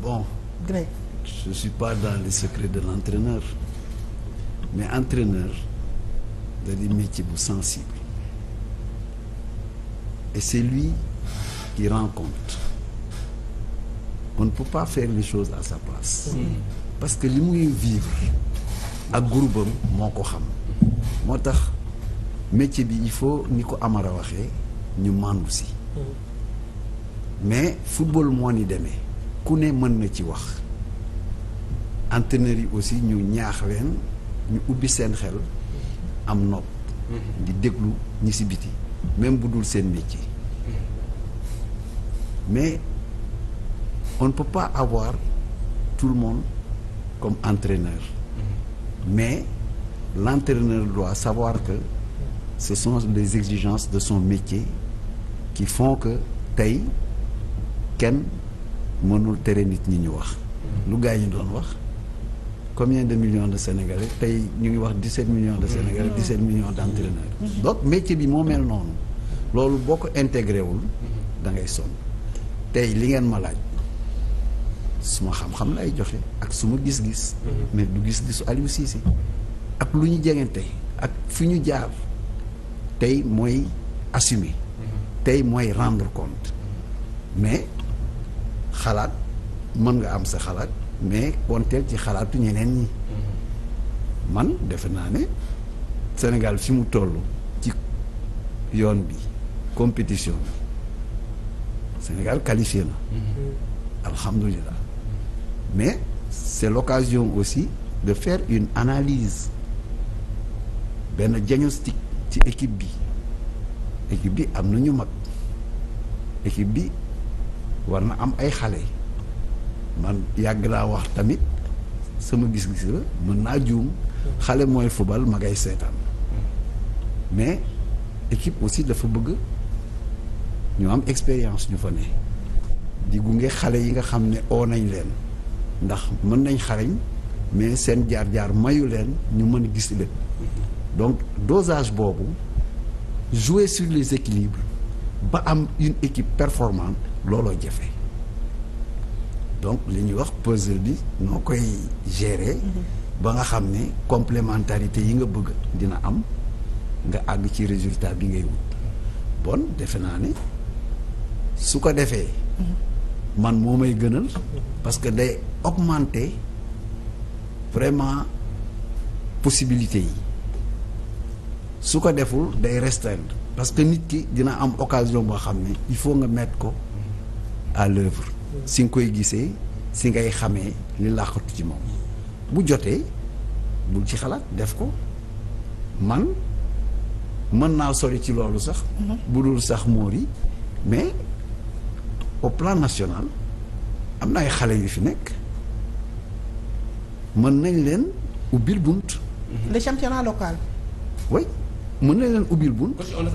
bon Greg. je suis pas dans les secrets de l'entraîneur mais entraîneur da di bu sensible et c'est lui qui rend compte on pas faire les choses à sa place parce que li muy vivre ak groupe moo ko xam moo tax métier bi il faut ni ko Amara waxee ñu màndu si mm. mais football moo ni demee ku ne mën na ci wax entraîneurs yi aussi ñu ñaax leen ñu ubbi seen xel am nopp mm-hmm. di déglu ñi si biti même bu dul seen métier mm-hmm. mais on ne pas avoir tout le monde comme entraîneur mm-hmm. mais l'entraîneur doit savoir que ce sont les exigences de son métier ki font que tey kenn mënul tere nit ñi ñu wax lu gars yi doon wax combien de million de sénégalais tey ñu ngi wax 17 million de sénégalais 17 millions d' entraîneurs donc métier bi moo mel noonu loolu boo ko intégré wul da ngay sonn tey li ngeen ma laaj suma xam-xam lay joxe ak su ma gis-gis mais du gis-gisu Aliou Cissé ak lu ñu jegante ak fu ñu jaar tey mooy assumer tey mooy rendre compte mais xalaat mën nga am sa xalaat mais konteel ci xalaatu ñeneen ñi man defe naa ne Sénégal fi mu toll ci yoon bi compétition bi Sénégal qualifié na mm-hmm. alhamdulilah mais c'est l'occasion aussi de fair une analyse benn diagnostic ci équipe bi équipe bi am na ñu mag équipe bi war na am ay xale man yàgg naa wax tamit sama gis-gis la mën naa juum xale mooy fubal ma ngay seetaan mais équipe aussi dafa bëgg ñu am expérience ñu fa ne di gunge xale yi nga xam ne oo nañ leen ndax mën nañ xarañ mais seen jaar-jaar mayu leen ñu mën a gis lépp donc dosage boobu jouer sur les équilibres ba am une équipe performant looloo jafe donc li ñuy wax puzzle bi noo koy gérer. ba nga xam ne complémentarité yi nga bëgg dina am nga àgg ci résultat bi ngay wut bon defe naa ne su ko defee man moo may gënal parce que day augmenter vraiment possibilité yi su ko deful day restreindre parce que nit ki dina am occasion boo xam ni il faut nga mettre ko à l'œuvre si nga koy gisee si ngay xamee li làqatu ci moom bu jotee bul ci xalaat def ko man mën naa sori ci loolu sax mhm. bu dul sax móor mais au plan national am na ay xale yu fi nekk mën nañ leen ubbil bunt le championnat local mën na leen bul